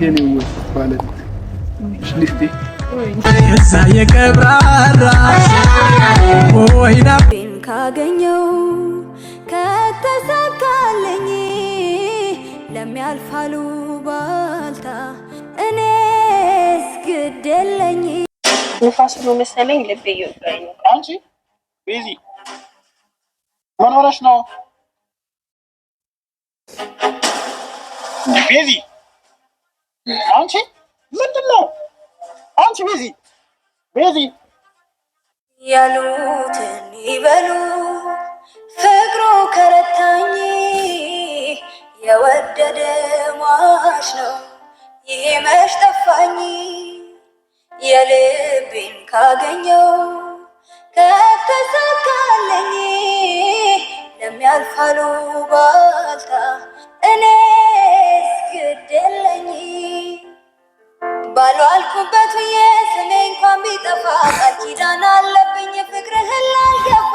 ልቤን ካገኘው ከተሳካለኝ ለሚያልፋሉ ባልታ እኔስ ግድ የለኝ። ንፋስ ብሎ መሰለኝ ልቤ እየወጋኝ ምን ሆነሽ ነው ቤዚ? አንቺ ምንድን ነው አንቺ? ቤዚ ቤዚ ያሉትን ይበሉ። ፍቅሩ ከረታኝ የወደደ ሟች ነው ይሄ መሽጠፋኝ ጠፋኝ የልቤን ካገኘው ከተሳካለኝ ለሚያልፋሉ ባልታ እኔ እስክደለኝ አሉ አልኩበት ስሜ እንኳን ቢጠፋ ቃል ኪዳን አለብኝ ፍቅርህን ላልገባ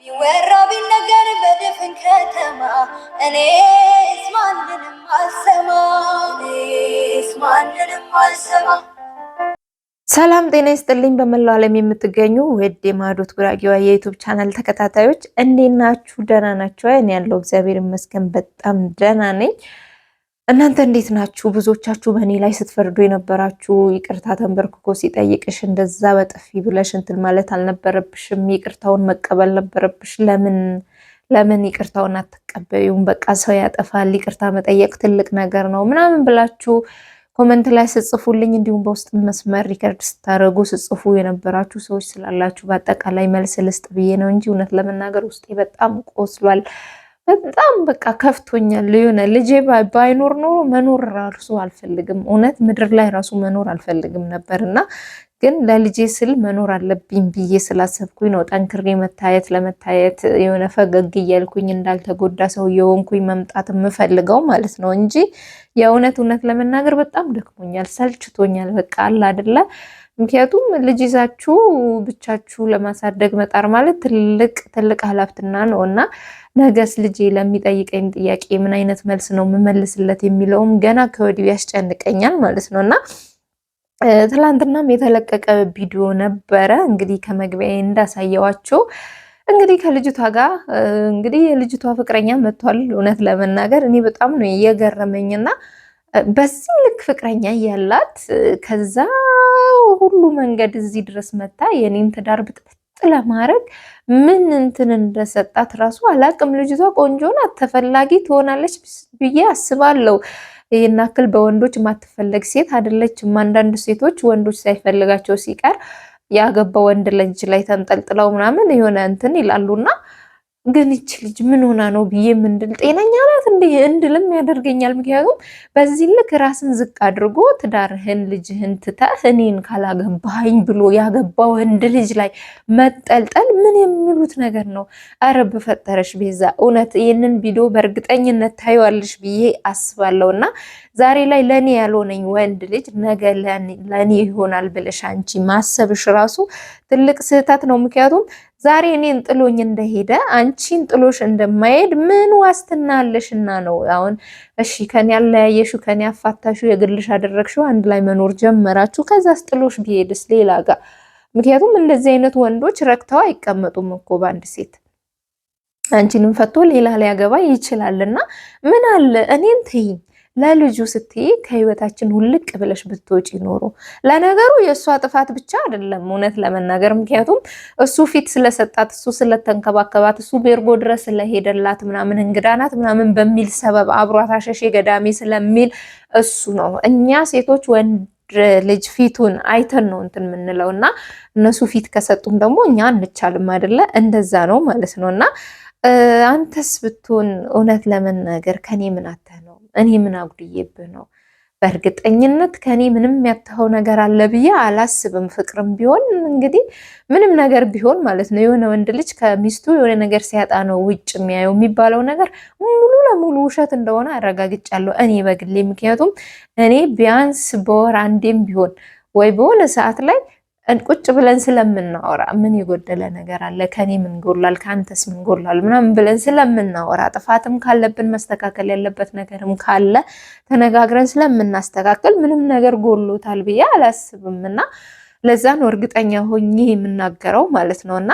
ቢወራ ቢነገር በድፍን ከተማ እኔስ ማንንም አልሰማ እኔስ ማንንም አልሰማ። ሰላም ጤና ይስጥልኝ። በመላው ዓለም የምትገኙ ውድ የማዕዶት ጉራጌዋ የዩቱብ ቻናል ተከታታዮች እንዴት ናችሁ? ደህና ናችሁ? እኔ ያለው እግዚአብሔር ይመስገን በጣም ደህና ነኝ። እናንተ እንዴት ናችሁ? ብዙዎቻችሁ በእኔ ላይ ስትፈርዱ የነበራችሁ ይቅርታ ተንበርክኮ ሲጠይቅሽ እንደዛ በጥፊ ብለሽ እንትን ማለት አልነበረብሽም፣ ይቅርታውን መቀበል ነበረብሽ። ለምን ለምን ይቅርታውን አትቀበዩም? በቃ ሰው ያጠፋል፣ ይቅርታ መጠየቅ ትልቅ ነገር ነው ምናምን ብላችሁ ኮመንት ላይ ስጽፉልኝ እንዲሁም በውስጥ መስመር ሪከርድ ስታደረጉ ስጽፉ የነበራችሁ ሰዎች ስላላችሁ በአጠቃላይ መልስ ልስጥ ብዬ ነው እንጂ እውነት ለመናገር ውስጤ በጣም ቆስሏል። በጣም በቃ ከፍቶኛል። የሆነ ልጄ ባይኖር ኖሮ መኖር ራሱ አልፈልግም። እውነት ምድር ላይ ራሱ መኖር አልፈልግም ነበር እና ግን ለልጄ ስል መኖር አለብኝ ብዬ ስላሰብኩኝ ነው ጠንክሬ መታየት ለመታየት የሆነ ፈገግ እያልኩኝ እንዳልተጎዳ ሰው የሆንኩኝ መምጣት የምፈልገው ማለት ነው እንጂ የእውነት እውነት ለመናገር በጣም ደክሞኛል፣ ሰልችቶኛል። በቃ አለ አይደለ ምክንያቱም ልጅ ይዛችሁ ብቻችሁ ለማሳደግ መጣር ማለት ትልቅ ትልቅ ኃላፊነት ነው እና ነገስ ልጄ ለሚጠይቀኝ ጥያቄ ምን አይነት መልስ ነው የምመልስለት የሚለውም ገና ከወዲሁ ያስጨንቀኛል ማለት ነው እና ትላንትናም የተለቀቀ ቪዲዮ ነበረ እንግዲህ ከመግቢያ እንዳሳየዋቸው እንግዲህ ከልጅቷ ጋር እንግዲህ የልጅቷ ፍቅረኛ መጥቷል። እውነት ለመናገር እኔ በጣም ነው የገረመኝና በዚህ ልክ ፍቅረኛ ያላት ከዛ ሁሉ መንገድ እዚህ ድረስ መታ የኔን ትዳር ብጥብጥ ለማድረግ ምን እንትን እንደሰጣት ራሱ አላቅም። ልጅቷ ቆንጆ ናት፣ ተፈላጊ ትሆናለች ብዬ አስባለሁ። ይህን ያክል በወንዶች ማትፈለግ ሴት አይደለችም። አንዳንድ ሴቶች ወንዶች ሳይፈልጋቸው ሲቀር ያገባ ወንድ ልጅ ላይ ተንጠልጥለው ምናምን የሆነ እንትን ይላሉና ግን ይች ልጅ ምን ሆና ነው ብዬ ምንድል ጤነኛ ናት እንደ እንድልም ያደርገኛል። ምክንያቱም በዚህ ልክ ራስን ዝቅ አድርጎ ትዳርህን፣ ልጅህን ትተህ እኔን ካላገባኝ ብሎ ያገባው ወንድ ልጅ ላይ መጠልጠል ምን የሚሉት ነገር ነው? አረ በፈጠረሽ ቤዛ፣ እውነት ይህንን ቪዲዮ በእርግጠኝነት ታዩዋለሽ ብዬ አስባለሁና ዛሬ ላይ ለኔ ያልሆነኝ ወንድ ልጅ ነገ ለኔ ይሆናል ብለሽ አንቺ ማሰብሽ ራሱ ትልቅ ስህተት ነው። ምክንያቱም ዛሬ እኔን ጥሎኝ እንደሄደ አንቺን ጥሎሽ እንደማይሄድ ምን ዋስትና አለሽና ነው? አሁን እሺ ከኔ ያለያየሽው ከኔ ያፋታሽው የግልሽ አደረግሽው አንድ ላይ መኖር ጀመራችሁ። ከዛስ ጥሎሽ ቢሄድስ ሌላ ጋር? ምክንያቱም እንደዚህ አይነት ወንዶች ረክተው አይቀመጡም እኮ በአንድ ሴት አንቺንም ፈቶ ሌላ ሊያገባ ይችላልና ምን አለ እኔን ትይኝ ለልጁ ስትይ ከህይወታችን ውልቅ ብለሽ ብትወጪ ኖሮ። ለነገሩ የእሷ ጥፋት ብቻ አይደለም እውነት ለመናገር ምክንያቱም እሱ ፊት ስለሰጣት፣ እሱ ስለተንከባከባት፣ እሱ ቤርጎ ድረስ ስለሄደላት ምናምን እንግዳ ናት ምናምን በሚል ሰበብ አብሯት አሸሼ ገዳሜ ስለሚል እሱ ነው። እኛ ሴቶች ወንድ ልጅ ፊቱን አይተን ነው እንትን የምንለው እና እነሱ ፊት ከሰጡም ደግሞ እኛ እንቻልም አይደለ? እንደዛ ነው ማለት ነው እና አንተስ ብትሆን እውነት ለመናገር ከኔ ምን አተህ ነው? እኔ ምን አጉድዬብህ ነው? በእርግጠኝነት ከኔ ምንም ያተኸው ነገር አለ ብዬ አላስብም። ፍቅርም ቢሆን እንግዲህ ምንም ነገር ቢሆን ማለት ነው የሆነ ወንድ ልጅ ከሚስቱ የሆነ ነገር ሲያጣ ነው ውጭ የሚያየው የሚባለው ነገር ሙሉ ለሙሉ ውሸት እንደሆነ አረጋግጫለሁ እኔ በግሌ። ምክንያቱም እኔ ቢያንስ በወር አንዴም ቢሆን ወይ በሆነ ሰዓት ላይ ቁጭ ብለን ስለምናወራ ምን የጎደለ ነገር አለ፣ ከኔ ምን ጎላል፣ ከአንተስ ምን ጎላል ምናምን ብለን ስለምናወራ ጥፋትም ካለብን መስተካከል ያለበት ነገርም ካለ ተነጋግረን ስለምናስተካከል ምንም ነገር ጎሎታል ብዬ አላስብም እና ለዛ ነው እርግጠኛ ሆኜ የምናገረው ማለት ነው እና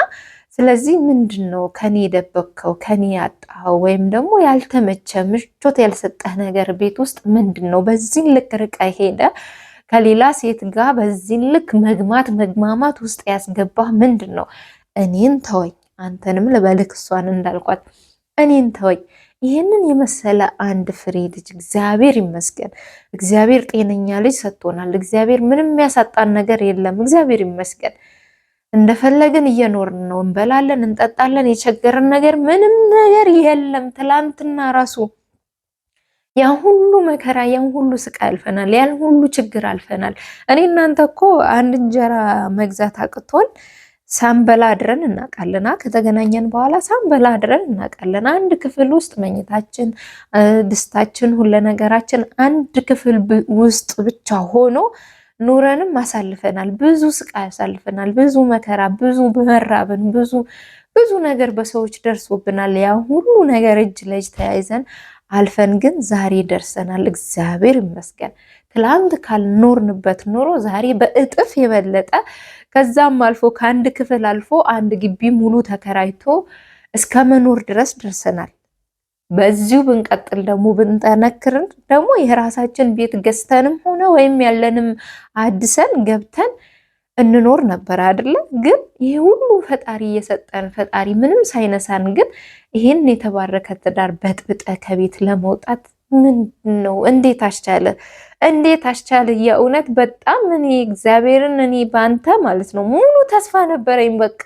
ስለዚህ ምንድን ነው ከኔ የደበቅከው ከኔ ያጣኸው ወይም ደግሞ ያልተመቸ ምቾት ያልሰጠህ ነገር ቤት ውስጥ ምንድን ነው? በዚህ ልክ ርቀህ ሄደ ከሌላ ሴት ጋር በዚህ ልክ መግማት መግማማት ውስጥ ያስገባህ ምንድን ነው? እኔን ተወኝ፣ አንተንም ልበልክ እሷን እንዳልኳት እኔን ተወኝ። ይህንን የመሰለ አንድ ፍሬ ልጅ እግዚአብሔር ይመስገን። እግዚአብሔር ጤነኛ ልጅ ሰጥቶናል። እግዚአብሔር ምንም የሚያሳጣን ነገር የለም። እግዚአብሔር ይመስገን። እንደፈለግን እየኖርን ነው። እንበላለን፣ እንጠጣለን። የቸገረን ነገር ምንም ነገር የለም። ትላንትና ራሱ ያን ሁሉ መከራ ያን ሁሉ ስቃይ አልፈናል። ያን ሁሉ ችግር አልፈናል። እኔ እናንተ እኮ አንድ እንጀራ መግዛት አቅቶን ሳንበላ አድረን እናውቃለና ከተገናኘን በኋላ ሳንበላ አድረን እናውቃለን። አንድ ክፍል ውስጥ መኝታችን፣ ድስታችን፣ ሁለ ነገራችን አንድ ክፍል ውስጥ ብቻ ሆኖ ኑረንም አሳልፈናል። ብዙ ስቃይ አሳልፈናል። ብዙ መከራ፣ ብዙ መራብን፣ ብዙ ብዙ ነገር በሰዎች ደርሶብናል። ያ ሁሉ ነገር እጅ ለእጅ ተያይዘን አልፈን ግን ዛሬ ደርሰናል። እግዚአብሔር ይመስገን። ትላንት ካልኖርንበት ኑሮ ዛሬ በእጥፍ የበለጠ ከዛም አልፎ ከአንድ ክፍል አልፎ አንድ ግቢ ሙሉ ተከራይቶ እስከ መኖር ድረስ ደርሰናል። በዚሁ ብንቀጥል ደግሞ ብንጠነክርን ደግሞ የራሳችን ቤት ገዝተንም ሆነ ወይም ያለንም አድሰን ገብተን እንኖር ነበር አይደለ? ግን ይሄ ሁሉ ፈጣሪ እየሰጠን ፈጣሪ ምንም ሳይነሳን ግን ይሄን የተባረከ ትዳር በጥብጠ ከቤት ለመውጣት ምንድን ነው? እንዴት አስቻለ? እንዴት አስቻለ? የእውነት በጣም እኔ እግዚአብሔርን እኔ በአንተ ማለት ነው ሙሉ ተስፋ ነበረኝ። በቃ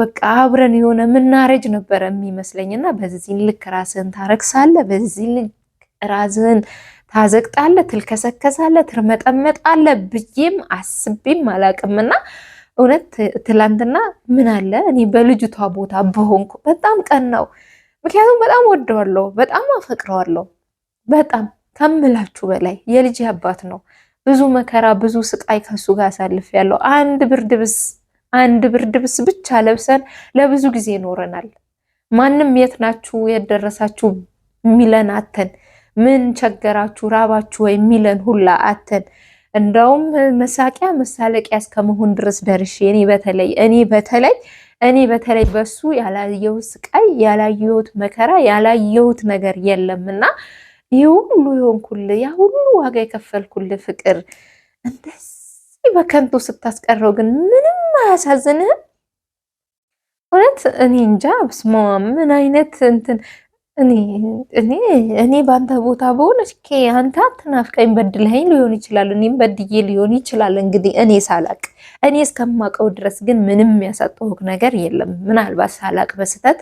በቃ አብረን የሆነ ምናረጅ ነበረ የሚመስለኝ እና በዚህ ልክ ራስህን ታረክሳለህ፣ በዚህ ልክ ራስህን ታዘግጣለ፣ ትልከሰከሳለ፣ ትርመጠመጣለ ብዬም አስቤም አላቅምና እውነት ትላንትና ምን አለ እኔ በልጅቷ ቦታ በሆንኩ በጣም ቀን ነው። ምክንያቱም በጣም ወደዋለሁ፣ በጣም አፈቅረዋለሁ። በጣም ከምላችሁ በላይ የልጅ አባት ነው። ብዙ መከራ ብዙ ስቃይ ከሱ ጋር አሳልፍ ያለው አንድ ብርድ ብስ አንድ ብርድ ብቻ ለብሰን ለብዙ ጊዜ ኖረናል። ማንም የት ናችሁ የደረሳችሁ የሚለን አተን ምን ቸገራችሁ ራባችሁ ወይ የሚለን ሁላ አተን እንደውም መሳቂያ መሳለቂያ እስከመሆን ድረስ ደርሼ እኔ በተለይ እኔ በተለይ እኔ በተለይ በሱ ያላየሁት ስቃይ ያላየሁት መከራ ያላየሁት ነገር የለምና ይህ ሁሉ የሆንኩልህ ያ ሁሉ ዋጋ የከፈልኩል ፍቅር እንደዚህ በከንቱ ስታስቀረው ግን ምንም አያሳዝንህም? እውነት እኔ እንጃ ምን አይነት እንትን እኔ በአንተ ቦታ በሆነ እስኪ አንተ አትናፍቀኝ፣ በድለኸኝ ሊሆን ይችላል፣ እኔም በድዬ ሊሆን ይችላል። እንግዲህ እኔ ሳላቅ እኔ እስከማውቀው ድረስ ግን ምንም ያሳጠሁህ ነገር የለም። ምናልባት ሳላቅ በስህተት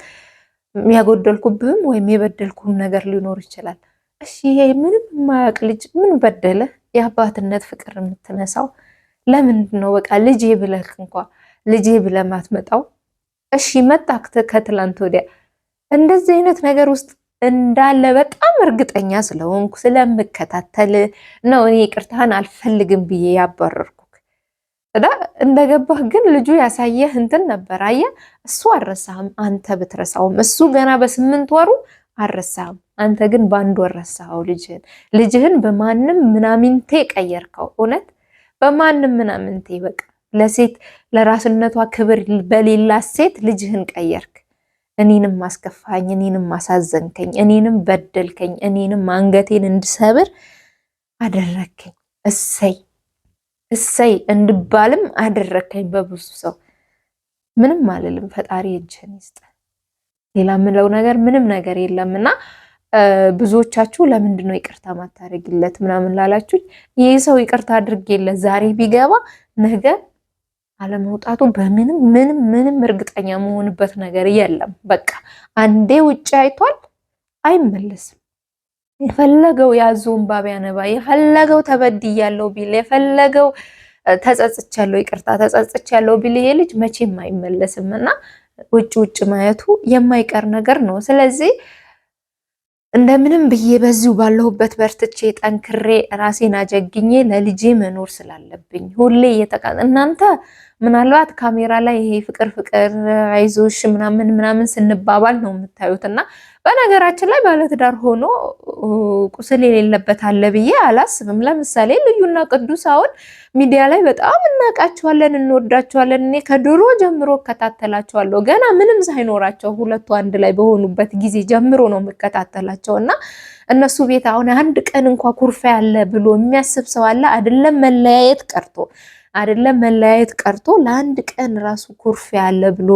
ያጎደልኩብህም ወይም የበደልኩም ነገር ሊኖር ይችላል። እሺ ይሄ ምንም የማያውቅ ልጅ ምን በደለ? የአባትነት ፍቅር የምትነሳው ለምንድን ነው? በቃ ልጄ ብለህ እንኳ ልጄ ብለህ ማትመጣው? እሺ መጣ ከትላንት ወዲያ እንደዚህ አይነት ነገር ውስጥ እንዳለ በጣም እርግጠኛ ስለሆንኩ ስለምከታተል ነው እኔ ቅርታን አልፈልግም ብዬ ያባረርኩ። እዳ እንደገባህ ግን ልጁ ያሳየህ እንትን ነበር። አየህ እሱ አልረሳህም፣ አንተ ብትረሳውም እሱ ገና በስምንት ወሩ አልረሳህም፣ አንተ ግን በአንድ ወር ረሳኸው ልጅህን። ልጅህን በማንም ምናምንቴ ቀየርከው። እውነት በማንም ምናምንቴ በቃ ለሴት ለራስነቷ ክብር በሌላት ሴት ልጅህን ቀየርክ። እኔንም ማስከፋኝ እኔንም ማሳዘንከኝ፣ እኔንም በደልከኝ፣ እኔንም አንገቴን እንድሰብር አደረከኝ። እሰይ እሰይ እንድባልም አደረግከኝ በብዙ ሰው ምንም አልልም፣ ፈጣሪ እጅህን ይስጥ። ሌላ ምለው ነገር ምንም ነገር የለም እና ብዙዎቻችሁ ለምንድን ነው ይቅርታ ማታደርግለት ምናምን ላላችሁ ይህ ሰው ይቅርታ አድርጌለት ዛሬ ቢገባ ነገ አለመውጣቱ በምንም ምንም ምንም እርግጠኛ መሆንበት ነገር የለም። በቃ አንዴ ውጭ አይቷል፣ አይመለስም። የፈለገው ያዞ ባቢያ ነባ፣ የፈለገው ተበድያለሁ ቢል፣ የፈለገው ያለው ይቅርታ ተጸጽቻለሁ ቢል ይሄ ልጅ መቼም አይመለስም እና ውጭ ውጭ ማየቱ የማይቀር ነገር ነው። ስለዚህ እንደምንም ብዬ በዚሁ ባለሁበት በርትቼ ጠንክሬ ራሴን አጀግኜ ለልጄ መኖር ስላለብኝ ሁሌ እየተቃ እናንተ ምናልባት ካሜራ ላይ ይሄ ፍቅር ፍቅር አይዞሽ ምናምን ምናምን ስንባባል ነው የምታዩት እና በነገራችን ላይ ባለትዳር ሆኖ ቁስል የሌለበት አለ ብዬ አላስብም። ለምሳሌ ልዩና ቅዱስ አሁን ሚዲያ ላይ በጣም እናውቃቸዋለን፣ እንወዳቸዋለን። እኔ ከድሮ ጀምሮ እከታተላቸዋለሁ። ገና ምንም ሳይኖራቸው ሁለቱ አንድ ላይ በሆኑበት ጊዜ ጀምሮ ነው የምከታተላቸው እና እነሱ ቤት አሁን አንድ ቀን እንኳ ኩርፋ ያለ ብሎ የሚያስብ ሰው አለ አይደለም? መለያየት ቀርቶ አይደለም መለያየት ቀርቶ ለአንድ ቀን ራሱ ኩርፋ ያለ ብሎ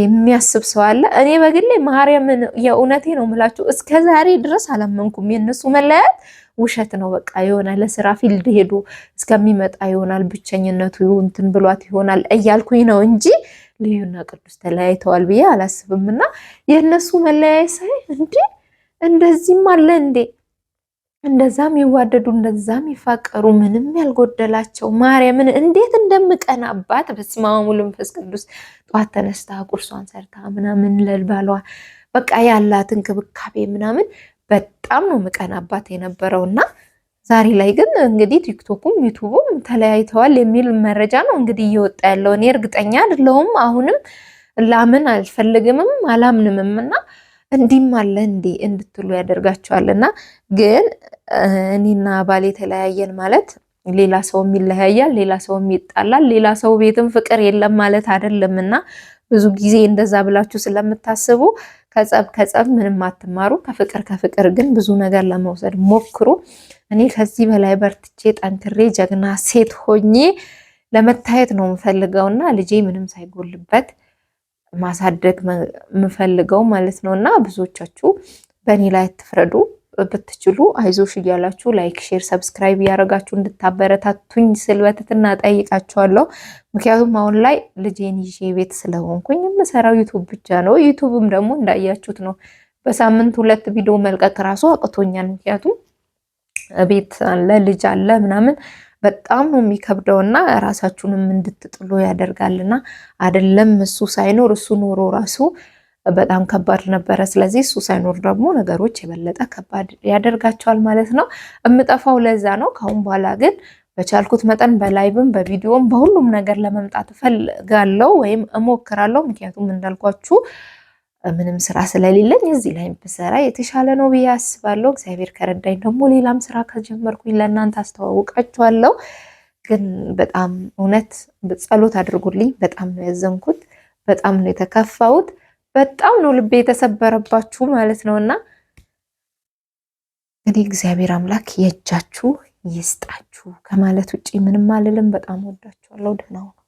የሚያስብ ሰው አለ። እኔ በግሌ ማርያምን የእውነቴ ነው የምላችሁ፣ እስከ ዛሬ ድረስ አላመንኩም። የእነሱ መለያት ውሸት ነው በቃ የሆነ ለስራ ፊልድ ሄዶ እስከሚመጣ ይሆናል፣ ብቸኝነቱ እንትን ብሏት ይሆናል እያልኩኝ ነው እንጂ ልዩና ቅዱስ ተለያይተዋል ብዬ አላስብም። እና የእነሱ መለያየት ሳይ እንዴ እንደዚህም አለ እንዴ እንደዛም ይዋደዱ እንደዛም ይፋቀሩ ምንም ያልጎደላቸው ማርያምን እንዴት እንደምቀናባት በስመ አብ ወወልድ ቅዱስ። ጠዋት ተነስታ ቁርሷን ሰርታ ምናምን ለልባሏ በቃ ያላት እንክብካቤ ምናምን በጣም ነው ምቀናባት የነበረው እና ዛሬ ላይ ግን እንግዲህ ቲክቶኩም ዩቱቡም ተለያይተዋል የሚል መረጃ ነው እንግዲህ እየወጣ ያለው። እኔ እርግጠኛ አይደለሁም። አሁንም ላምን አልፈልግምም አላምንምም እና እንዲህም አለ እንዲህ እንድትሉ ያደርጋቸዋልና። ግን እኔና ባል የተለያየን ማለት ሌላ ሰውም ይለያያል፣ ሌላ ሰውም ይጣላል፣ ሌላ ሰው ቤትም ፍቅር የለም ማለት አይደለም እና ብዙ ጊዜ እንደዛ ብላችሁ ስለምታስቡ ከጸብ ከጸብ ምንም አትማሩ። ከፍቅር ከፍቅር ግን ብዙ ነገር ለመውሰድ ሞክሩ። እኔ ከዚህ በላይ በርትቼ ጠንክሬ ጀግና ሴት ሆኜ ለመታየት ነው የምፈልገውና ልጄ ምንም ሳይጎልበት ማሳደግ የምፈልገው ማለት ነው። እና ብዙዎቻችሁ በእኔ ላይ አትፍረዱ። ብትችሉ አይዞሽ እያላችሁ ላይክ፣ ሼር፣ ሰብስክራይብ እያደረጋችሁ እንድታበረታቱኝ ስል በትህትና ጠይቃችኋለሁ። ምክንያቱም አሁን ላይ ልጄን ይዤ ቤት ስለሆንኩኝ የምሰራው ዩቱብ ብቻ ነው። ዩቱብም ደግሞ እንዳያችሁት ነው። በሳምንት ሁለት ቪዲዮ መልቀቅ ራሱ አቅቶኛል። ምክንያቱም ቤት አለ፣ ልጅ አለ ምናምን በጣም ነው የሚከብደው ና ራሳችሁንም እንድትጥሉ ያደርጋልና አይደለም እሱ ሳይኖር እሱ ኖሮ ራሱ በጣም ከባድ ነበረ። ስለዚህ እሱ ሳይኖር ደግሞ ነገሮች የበለጠ ከባድ ያደርጋቸዋል ማለት ነው። እምጠፋው ለዛ ነው። ከአሁን በኋላ ግን በቻልኩት መጠን በላይብም በቪዲዮም በሁሉም ነገር ለመምጣት እፈልጋለሁ ወይም እሞክራለሁ። ምክንያቱም እንዳልኳችሁ ምንም ስራ ስለሌለኝ እዚህ ላይ ብሰራ የተሻለ ነው ብዬ አስባለሁ። እግዚአብሔር ከረዳኝ ደግሞ ሌላም ስራ ከጀመርኩኝ ለእናንተ አስተዋውቃችኋለሁ። ግን በጣም እውነት ጸሎት አድርጉልኝ። በጣም ነው ያዘንኩት፣ በጣም ነው የተከፋሁት፣ በጣም ነው ልቤ የተሰበረባችሁ ማለት ነው እና እንግዲህ እግዚአብሔር አምላክ የእጃችሁ ይስጣችሁ ከማለት ውጭ ምንም አልልም። በጣም ወዳችኋለሁ። ደህና ሁኑ።